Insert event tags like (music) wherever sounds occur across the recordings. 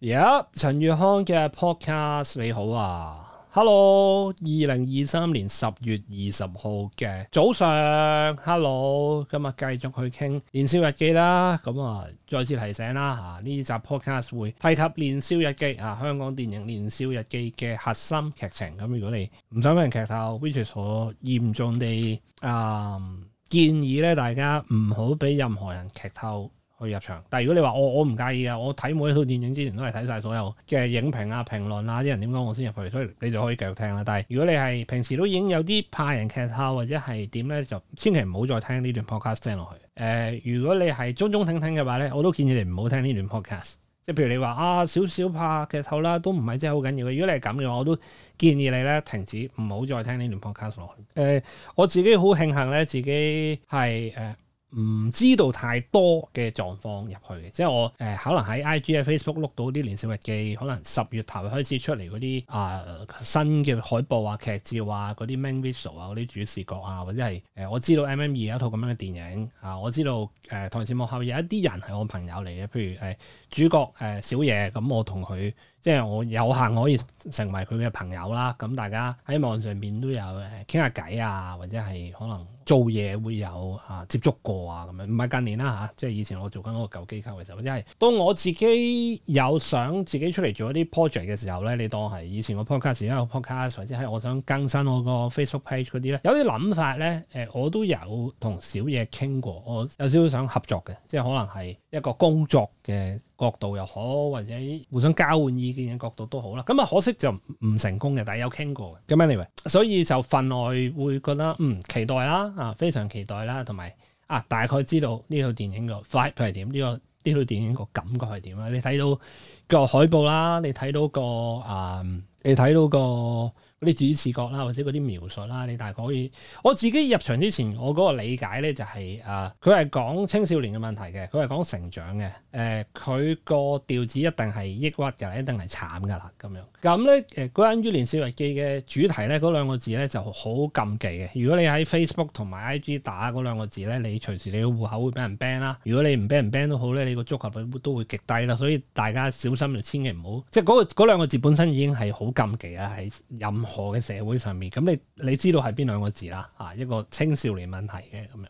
呀，陳玉、yeah，康嘅 podcast 你好啊，hello，二零二三年十月二十號嘅早上，hello，今日繼續去傾《年少日記》啦，咁啊再次提醒啦，啊呢集 podcast 會提及《年少日記》啊香港電影《年少日記》嘅核心劇情，咁、嗯、如果你唔想俾人劇透，w 我嚴重地啊建議咧大家唔好俾任何人劇透。去入場，但係如果你話我我唔介意啊，我睇每一套電影之前都係睇晒所有嘅影評啊、評論啊啲人點講，我先入去，所以你就可以繼續聽啦。但係如果你係平時都已經有啲怕人劇透或者係點咧，就千祈唔好再聽呢段 podcast 聽落去。誒、呃，如果你係中中挺挺嘅話咧，我都建議你唔好聽呢段 podcast。即係譬如你話啊，少少怕劇透啦，都唔係真係好緊要嘅。如果你係咁嘅話，我都建議你咧、啊、停止唔好再聽呢段 podcast 落去。誒、呃，我自己好慶幸咧，自己係誒。呃唔知道太多嘅狀況入去嘅，即係我誒、呃、可能喺 IG 喺 Facebook 碌到啲年少日記，可能十月頭開始出嚟嗰啲啊新嘅海報啊、劇照啊、嗰啲 main visual 啊、嗰啲主視角啊，或者係誒、呃、我知道 MM2 有一套咁樣嘅電影啊，我知道誒、呃、台前幕後有一啲人係我朋友嚟嘅，譬如誒、呃、主角誒、呃、小野，咁我同佢即係我有幸可以成為佢嘅朋友啦。咁大家喺網上面都有誒傾下偈啊，或者係可能。做嘢會有嚇接觸過啊咁樣，唔係近年啦嚇，即係以前我做緊嗰個舊機構嘅時候，即係當我自己有想自己出嚟做一啲 project 嘅時候咧，你當係以前個 podcast 因為我 podcast 或者係我想更新我個 Facebook page 嗰啲咧，有啲諗法咧，誒我都有同小嘢傾過，我有少少想合作嘅，即係可能係一個工作嘅。角度又好，或者互相交換意見嘅角度都好啦。咁啊，可惜就唔成功嘅，但係有傾過嘅。咁 anyway，所以就份外會覺得嗯期待啦，啊非常期待啦，同埋啊大概知道呢套電影個 fight 係點，呢個呢套電影個感覺係點啦。你睇到個海報啦，你睇到個啊，你睇到個。嗯你啲主視覺啦，或者嗰啲描述啦，你大概可以。我自己入場之前，我嗰個理解咧就係、是，啊、呃，佢係講青少年嘅問題嘅，佢係講成長嘅。誒、呃，佢個調子一定係抑鬱嘅，一定係慘噶啦咁樣。咁咧，誒關於《年少日記》嘅主題咧，嗰兩個字咧就好禁忌嘅。如果你喺 Facebook 同埋 IG 打嗰兩個字咧，你隨時你個戶口會俾人 ban 啦。如果你唔俾人 ban 都好咧，你個觸及率都會極低啦。所以大家小心就千祈唔好，即係嗰、那個嗰兩個字本身已經係好禁忌啊，係任何嘅社會上面，咁你你知道係邊兩個字啦？啊，一個青少年問題嘅咁樣。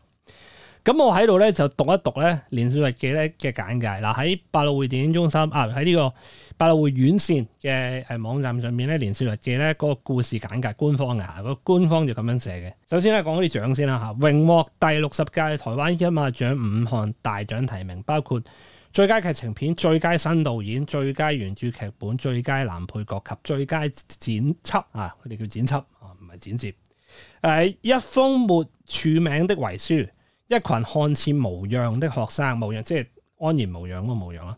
咁我喺度咧就讀一讀咧、呃啊《年少日記》咧嘅簡介。嗱，喺百老匯電影中心啊，喺呢個百老匯院線嘅誒網站上面咧，《年少日記》咧嗰個故事簡介官方嘅嚇，個官方就咁樣寫嘅。首先咧講啲獎先啦嚇，榮獲第六十屆台灣金馬獎五項大獎提名，包括，最佳劇情片、最佳新導演、最佳原著劇本、最佳男配角及最佳剪輯啊！佢哋叫剪輯啊，唔係剪接。誒，一封沒署名的遺書，一群看似無恙的學生，無恙即係安然無恙嗰個無恙啦，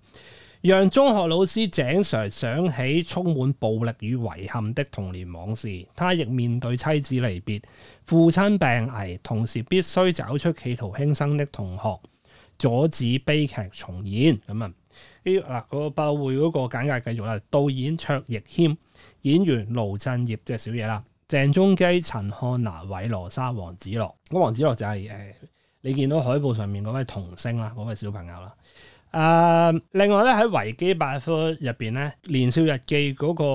讓中學老師鄭 Sir 想起充滿暴力與遺憾的童年往事。他亦面對妻子離別、父親病危，同時必須找出企圖輕生的同學。阻止悲劇重演咁啊！呢嗱、那個爆會嗰個簡介繼續啦。導演卓亦謙，演員盧鎮業即係、就是、小嘢啦。鄭中基、陳漢娜、韋羅莎、王子樂。咁、那個、王子樂就係、是、誒、呃、你見到海報上面嗰位童星啦，嗰、那、位、個、小朋友啦。誒、呃、另外咧喺維基百科入邊咧，年少日記嗰、那個誒、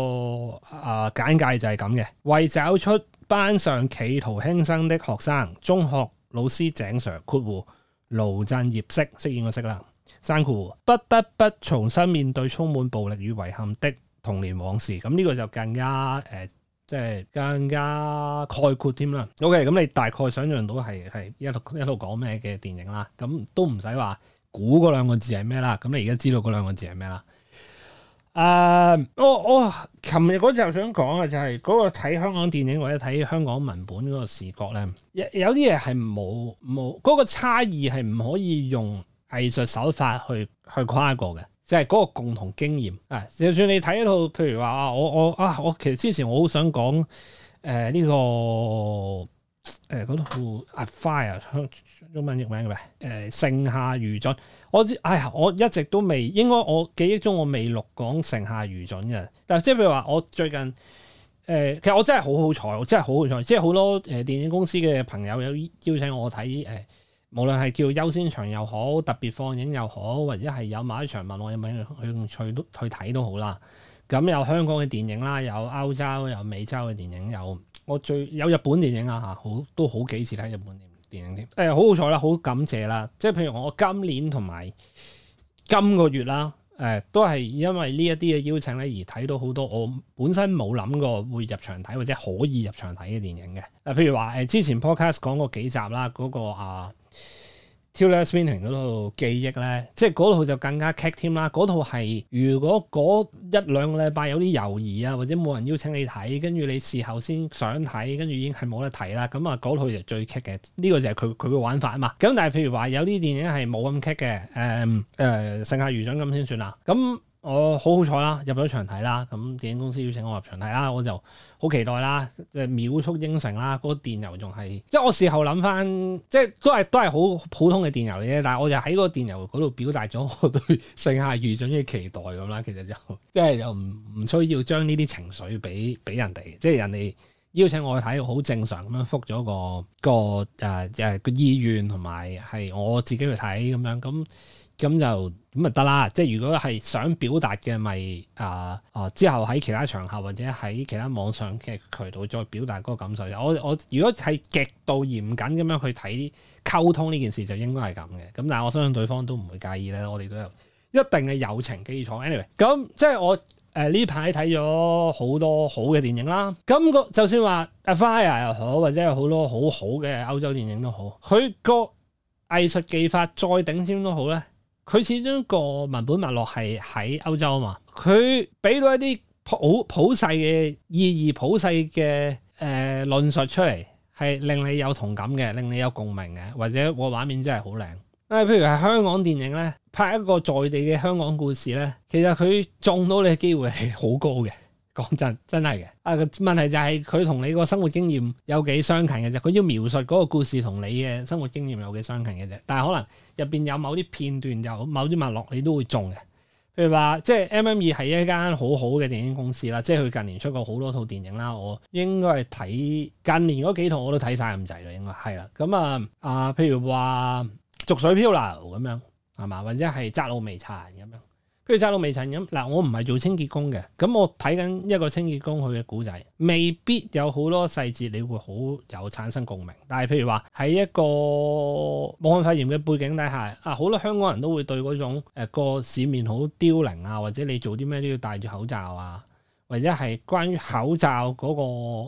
呃、簡介就係咁嘅，為找出班上企圖輕生的學生，中學老師鄭 Sir 括弧。盧鎮業色，適應我識啦。珊護不得不重新面對充滿暴力與遺憾的童年往事，咁呢個就更加誒、呃，即係更加概括添啦。OK，咁你大概想象到係係一路一路講咩嘅電影啦，咁都唔使話估嗰兩個字係咩啦，咁你而家知道嗰兩個字係咩啦。誒，我我琴日嗰陣想講嘅就係嗰個睇香港電影或者睇香港文本嗰個視覺咧，有有啲嘢係冇冇嗰個差異係唔可以用藝術手法去去跨過嘅，就係、是、嗰個共同經驗啊！就算你睇一套，譬如話啊，我我啊，我其實之前我好想講誒呢個。誒，嗰套《Afire》中文譯名嘅咩？誒，盛夏餘燼，我知，哎呀，我一直都未，應該我記憶中我未錄講盛夏餘燼嘅。但係即係譬如話，我最近誒、呃，其實我真係好好彩，我真係好好彩，即係好多誒電影公司嘅朋友有邀請我睇，誒、呃，無論係叫優先場又好，特別放映又好，或者係有某一場問我有冇去去去睇都去睇都好啦。咁有香港嘅電影啦，有歐洲、有美洲嘅電影有。我最 (music) 有日本電影啊吓，好、啊、都好幾次睇日本電影添、啊。誒、欸，好好彩啦，好感謝啦。即係譬如我今年同埋今個月啦、啊，誒、欸，都係因為呢一啲嘅邀請咧，而睇到好多我本身冇諗過會入場睇或者可以入場睇嘅電影嘅。誒、啊，譬如話誒、欸，之前 podcast 講過幾集啦，嗰個啊。那個啊 Tillers Winning》嗰套記憶咧，即係嗰套就更加 cut 添啦。嗰套係如果嗰一兩個禮拜有啲猶豫啊，或者冇人邀請你睇，跟住你事後先想睇，跟住已經係冇得睇啦。咁啊，嗰套就最 cut 嘅。呢、這個就係佢佢嘅玩法啊嘛。咁但係譬如話有啲電影係冇咁 cut 嘅，誒、呃、誒、呃，剩下餘獎金咁先算啦。咁、嗯。我好好彩啦，入咗場睇啦，咁電影公司邀請我入場睇啦，我就好期待啦，即係秒速應承啦。嗰電郵仲係，即係我事後諗翻，即係都係都係好普通嘅電郵啫。但係我就喺嗰電郵嗰度表達咗我對盛夏餘盡嘅期待咁啦。其實就即係又唔唔需要將呢啲情緒俾俾人哋，即係人哋邀請我去睇，好正常咁樣覆咗個個誒誒、呃、個意願同埋係我自己去睇咁樣咁。咁就咁就得啦，即係如果係想表達嘅咪、就是、啊哦、啊，之後喺其他場合或者喺其他網上嘅渠道再表達嗰個感受。我我如果係極度嚴謹咁樣去睇溝通呢件事，就應該係咁嘅。咁但係我相信對方都唔會介意咧。我哋都有一定嘅友情基礎。anyway，咁即係我誒呢排睇咗好多好嘅電影啦。咁個就算話《Afire》又好，或者有好多好好嘅歐洲電影都好，佢個藝術技法再頂尖都好咧。佢始終個文本脈絡係喺歐洲啊嘛，佢俾到一啲普普世嘅意義、普世嘅誒、呃、論述出嚟，係令你有同感嘅，令你有共鳴嘅，或者個畫面真係好靚。誒，譬如係香港電影咧，拍一個在地嘅香港故事咧，其實佢中到你嘅機會係好高嘅。講真，真係嘅。啊，問題就係佢同你個生活經驗有幾相近嘅啫。佢要描述嗰個故事同你嘅生活經驗有幾相近嘅啫。但係可能入邊有某啲片段，有某啲脈絡，你都會中嘅。譬如話，即係 M M 二係一間好好嘅電影公司啦。即係佢近年出過好多套電影啦。我應該係睇近年嗰幾套我都睇晒咁滯啦。應該係啦。咁啊、嗯、啊，譬如話《濁水漂流》咁樣係嘛，或者係《窄路微塵》咁樣。跟住差到未塵咁嗱，我唔係做清潔工嘅，咁我睇緊一個清潔工佢嘅古仔，未必有好多細節，你會好有產生共鳴。但係譬如話喺一個武漢肺炎嘅背景底下，啊，好多香港人都會對嗰種誒、啊、個市面好凋零啊，或者你做啲咩都要戴住口罩啊，或者係關於口罩嗰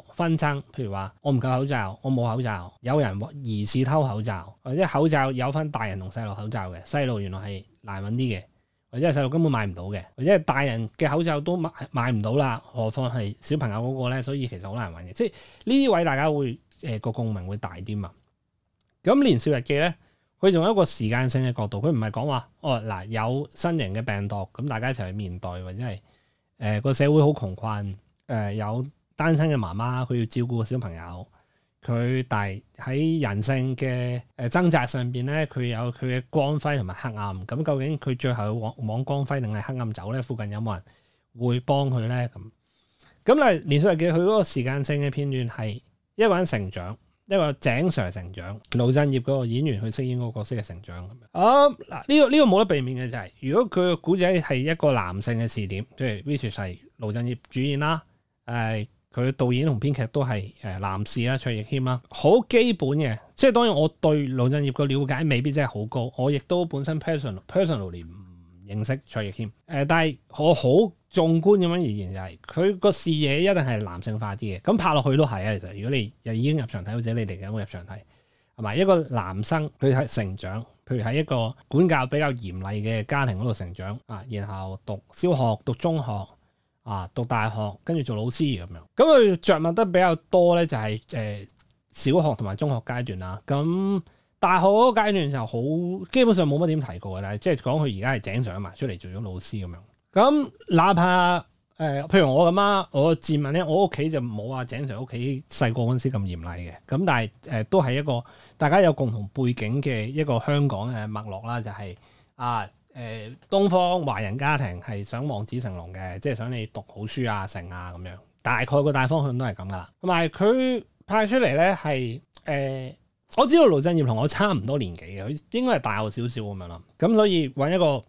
個紛爭，譬如話我唔夠口罩，我冇口罩，有人疑似偷口罩，或者口罩有分大人同細路口罩嘅細路原來係難揾啲嘅。因為細路根本買唔到嘅，或者係大人嘅口罩都買買唔到啦，何況係小朋友嗰個咧，所以其實好難揾嘅。即係呢啲位，大家會誒個、呃、共鳴會大啲嘛？咁年少日記咧，佢仲有一個時間性嘅角度，佢唔係講話哦嗱、呃，有新型嘅病毒，咁大家一齊去面對，或者係誒個社會好窮困，誒、呃、有單身嘅媽媽，佢要照顧個小朋友。佢大喺人性嘅誒掙扎上邊咧，佢有佢嘅光輝同埋黑暗。咁究竟佢最後往往光輝定係黑暗走咧？附近有冇人會幫佢咧？咁咁嗱，連續日記佢嗰個時間性嘅片段係一個成長，一個正常成長。盧振業嗰個演員去飾演嗰個角色嘅成長咁樣。啊嗱，呢、這個呢、這個冇得避免嘅就係、是，如果佢嘅古仔係一個男性嘅視點，即係 which 係盧振業主演啦，係、呃。佢導演同編劇都係誒男士啦，卓亦謙啦，好基本嘅，即係當然，我對盧鎮業嘅了解未必真係好高，我亦都本身 personal personally 唔認識卓亦謙，誒、呃，但係我好縱觀咁樣而言就係佢個視野一定係男性化啲嘅，咁拍落去都係啊，其實如果你又已經入場睇或者你嚟緊會入場睇，係咪一個男生佢係成長，譬如喺一個管教比較嚴厲嘅家庭嗰度成長啊，然後讀小學、讀中學。啊！讀大學跟住做老師咁樣，咁佢着問得比較多咧，就係、是、誒、呃、小學同埋中學階段啦。咁大學嗰個階段就好基本上冇乜點提過嘅，但係即係講佢而家係井上啊，出嚟做咗老師咁樣。咁哪怕誒、呃，譬如我咁啊，我自問咧，我屋企就冇阿井上屋企細個嗰陣時咁嚴厲嘅。咁但係誒、呃，都係一個大家有共同背景嘅一個香港嘅脈絡啦，就係、是、啊。誒，東方華人家庭係想望子成龍嘅，即係想你讀好書啊、成啊咁樣，大概個大方向都係咁噶啦。同埋佢派出嚟咧係誒，我知道盧鎮業同我差唔多年紀嘅，佢應該係大我少少咁樣啦。咁所以搵一個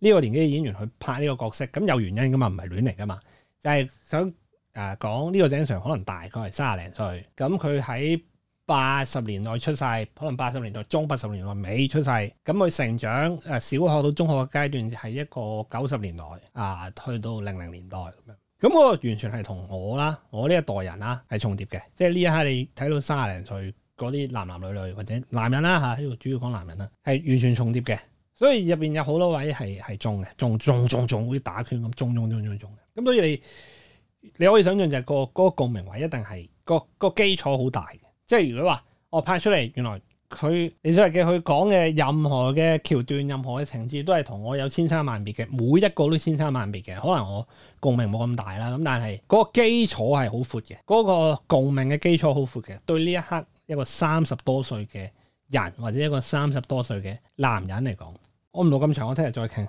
呢個年紀嘅演員去拍呢個角色，咁有原因噶嘛，唔係亂嚟噶嘛，就係、是、想誒講呢個正常可能大概係卅零歲，咁佢喺八十年代出世，可能八十年代中，八十年代尾出世。咁佢成長誒、呃，小學到中學嘅階段係一個九十年代啊，去到零零年代咁樣。咁我完全係同我啦，我呢一代人啦係重疊嘅。即係呢一刻你睇到三十零歲嗰啲男男女女或者男人啦吓，呢、啊呢個主要講男人啦，係完全重疊嘅。所以入邊有好多位係係中嘅，中中中中會打拳咁，中中中中中咁。所以你你可以想象就、嗰個嗰、嗰個共鳴、嗰個、位一定係、嗰個、嗰個基礎好大。即係如果話我拍出嚟，原來佢你所謂嘅佢講嘅任何嘅橋段、任何嘅情節都係同我有千差萬別嘅，每一個都千差萬別嘅。可能我共鳴冇咁大啦，咁但係嗰個基礎係好闊嘅，嗰個共鳴嘅基礎好闊嘅。對呢一刻一個三十多歲嘅人或者一個三十多歲嘅男人嚟講，我唔到咁長，我聽日再傾。